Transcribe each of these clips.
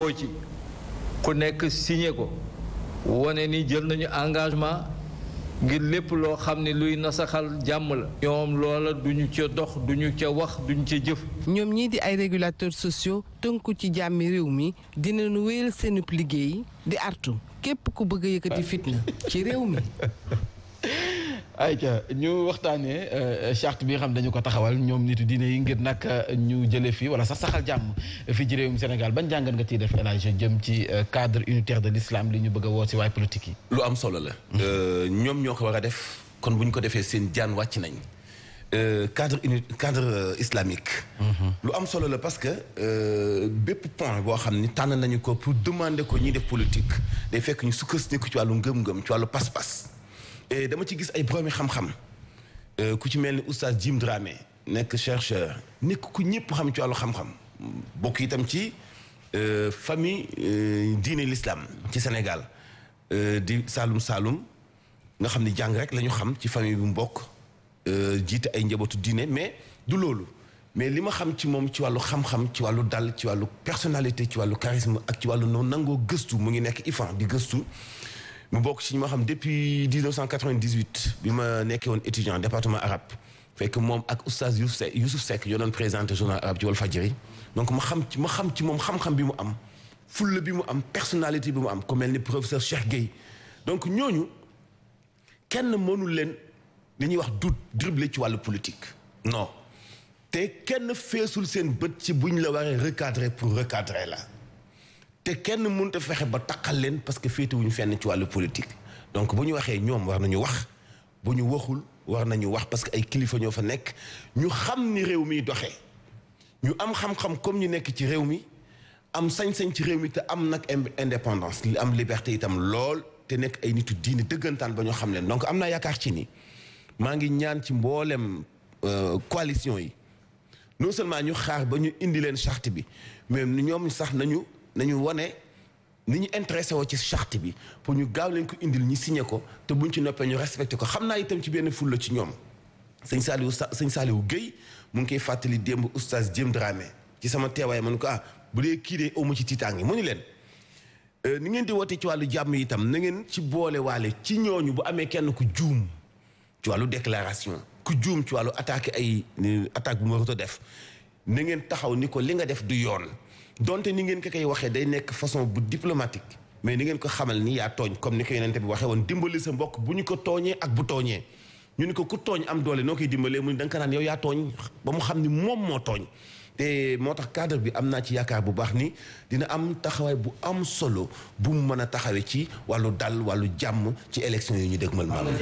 oo ci ku nekk signé ko wane ni jël nañu engagement ngir lépp loo xam ne luy nasaxal jàmm la. ñoom loola duñu ca dox duñu ca wax duñu ca jëf. ñoom ñii di ay régulateurs sociaux tënku ci jàmmi réew mi nu wéyal seeni liggéey di artu képp ku bëgg a yëkkati fitna ci réew mi. ayca ñu waxtaanee euh, charte bi nga xam dañu ko taxawal ñoom nitu diine yi ngir nag euh, ñu jële fii wala sax saxal jàmm fii ci Sénégal ban jàngat nga ciy def élage jëm ci euh, cadre unitaire de l'islam li ñu bëgg woo si waay politique yi. lu am solo la. Mm-hmm. ñoom ñoo ko war a def kon bu ñu ko defee seen jaan wàcc nañ cadre uni cadre islamique. Mm-hmm. lu am solo la parce que bépp point boo xam ni tànn nañu ko pour demander ko ñuy def politique day fekk ñu sukkandiku ci wàllu ngëm ci wàllu pas-pas. Eh, dama ci gis ay boroomi xam-xam eh, ku ci mel ni oustaz Jim Dramé nekk chercheur nekk ku ñëpp xam ci wàllu xam-xam bokk itam ci eh, famille diine l'islam ci Sénégal di Saalum Saalum nga xam ni jàng rek la ñu xam ci famille bi mu bokk jiite ay njabootu diine mais du loolu mais li ma xam ci moom ci wàllu xam-xam ci wàllu dal ci wàllu personnalité ci wàllu charisme ak ci wàllu noonu nangoo gëstu mu ngi nekk ifan di gëstu mu bokk ci ma xam depuis 1998 bi ma nekkee woon étudiant département arabe fekk moom ak oustaz Youssouf Seck Youssouf Seck yoo doon présenté journal arabe ci Walfadjri donc ma xam ci ma xam ci moom xam-xam bi mu am fulla bi mu am personalité bi mu am ku mel ni professeur Cheikh Gueye donc ñooñu kenn mënul leen li ñuy wax du dribble ci wàll politique non te kenn feesul seen bët ci buñ la waree recadrer pour recadrer la te kenn mun te fexe ba taqal leen parce que féetewuñu fenn ci wàllu politique donc bu ñu waxee ñoom war na ñu wax bu ñu waxul war nañu wax parce que ay kilifa ñoo fa nekk ñu xam ni réew miy doxee ñu am xam-xam comme ñu nekk ci réew mi am sañ-sañ ci réew mi te am nag indépendance li am liberté itam lool te nekk ay nitu diine dëggantaan ba ñu xam leen donc am naa yaakaar ci ni maa ngi ñaan ci mboolem euh, coalition yi non seulement ñu xaar ba ñu indi leen charte bi mais ñoom sax nañu wane ni ñu intéressé woo ci charte bi pour ñu gaaw leen ko indil ñu signé ko te buñ ci noppee ñu respecté ko xam naa itam ci benn fulla ci ñoom sëñ Saliou sëñ Saliou Guèye mu ngi koy fàttali démb oustaz Diem Dramé ci sama teewaay ma ko ah bu dee kii de amu ci tiitaange mu ni leen euh, ni ngeen di wootee ci wàllu jàmm itam na ngeen ci boole waale ci ñooñu bu amee kenn ku juum ci wàllu déclaration ku juum ci wàllu attaque ay attaque bu ma war a def na ngeen taxaw ni ko li nga def du yoon donte ni ngeen ko koy waxee day nekk façon bu diplomatique mais ni ngeen ko xamal ni yaa tooñ comme ni ko yonente bi waxe woon dimbali sa mbokk bu ñu ko tooñee ak bu tooñee ñu ni ko ku tooñ am doole noo koy dimbalee mu ni da nga ko naan yow yaa tooñ ba mu xam ni moom moo tooñ te moo tax cadre bi am naa ci yaakaar bu baax ni dina am taxawaay bu am solo bu mu mën a taxawee ci wàllu dal wàllu jàmm ci élection yi ñu dégmal maanaam.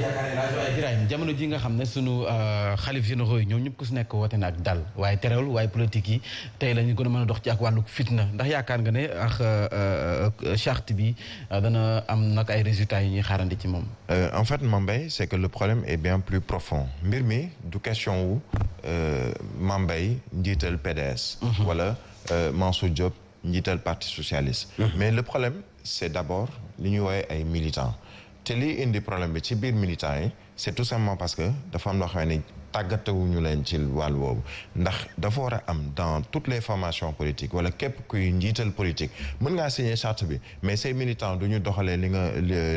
Ibrahima jamono nga xam ne sunu euh, xalif généraux yi ñoom ñëpp ku si nekk woote na ak dal waaye terewul waaye politique yi tey la ñu gën a mën a dox ci ak wàllu fitna ndax yaakaar nga ne ak euh, euh, charte bi dana am nag ay résultats yu ñuy xaarandi ci moom. en fait ma Mbaye c'est que le problème est bien plus profond mbir mi du question wu Euh, Mambay njiital PDS. Mhm. wala euh, Mansour Diop njiital parti socialiste. Mhm. mais le problème c'est d'abord li ñuy woowee ay militants te liy indi problème bi ci biir militants yi c'est tout simplement parce que dafa am loo xam ne. tàggatewuñu leen ci wàll woowu ndax dafa war a am dans toutes les formations politiques wala képp kuy njiital politiques mën ngaa signer charte bi mais say militants du ñu doxalee li nga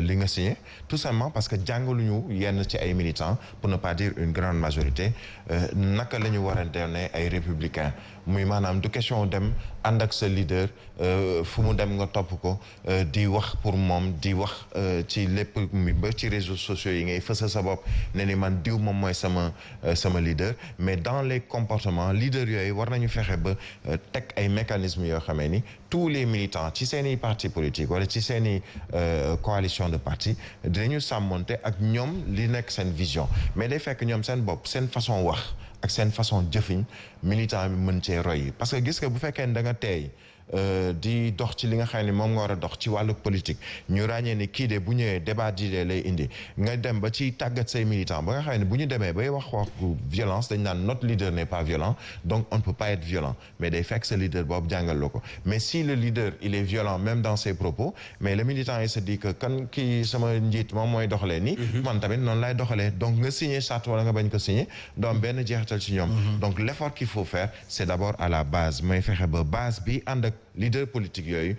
li nga signé tout simplement parce que ñu yenn ci ay militants pour ne pas dire une grande majorité euh, naka la ñu war a doonee ay républicains muy maanaam du question dem ànd ak sa leader euh, fu mu dem nga topp ko euh, di wax pour moom di wax ci lépp mi ba ci réseaux sociaux yi ngay fësal sa bopp ne ni man diw moom mooy sama Euh, sama leader mais dans les comportement leader yooyu war nañu fexe ba euh, teg ay mécanismes yoo xamee ni tous les militants ci seen i parti politique wala ci seeni i euh, coalition de parti dinañu sàmmonte ak ñoom li nekk seen vision mais day fekk ñoom seen bopp seen façon wax ak seen façon jëfiñ militant bi mën cee roy yi parce que gis nga bu fekkee da nga teey Euh, di dox ci li nga xam ne moom nga war a dox ci wàllu politique ñu ràññee ni kii de bu ñëwee débat di dee lay indi nga dem ba ci tàggat say militants ba nga xam ne bu ñu demee bay wax wax violence dañ naan notre leader n'est pas violent donc on ne peut pas violent mais day fekk sa leader boobu jàngal la ko mais si le leader il est violent même dans ses propos mais le militant il se dit que kan kii sama njiit moom mooy doxalee nii mhm. man tamit noonu lay doxalee donc nga signé charte wala nga bañ ko signé benn jeexital ci ñoom mhm. donc l'effort qu'il faut faire c'est d'abord à la base mooy fexe ba base bi ànd ak leader politique yooyu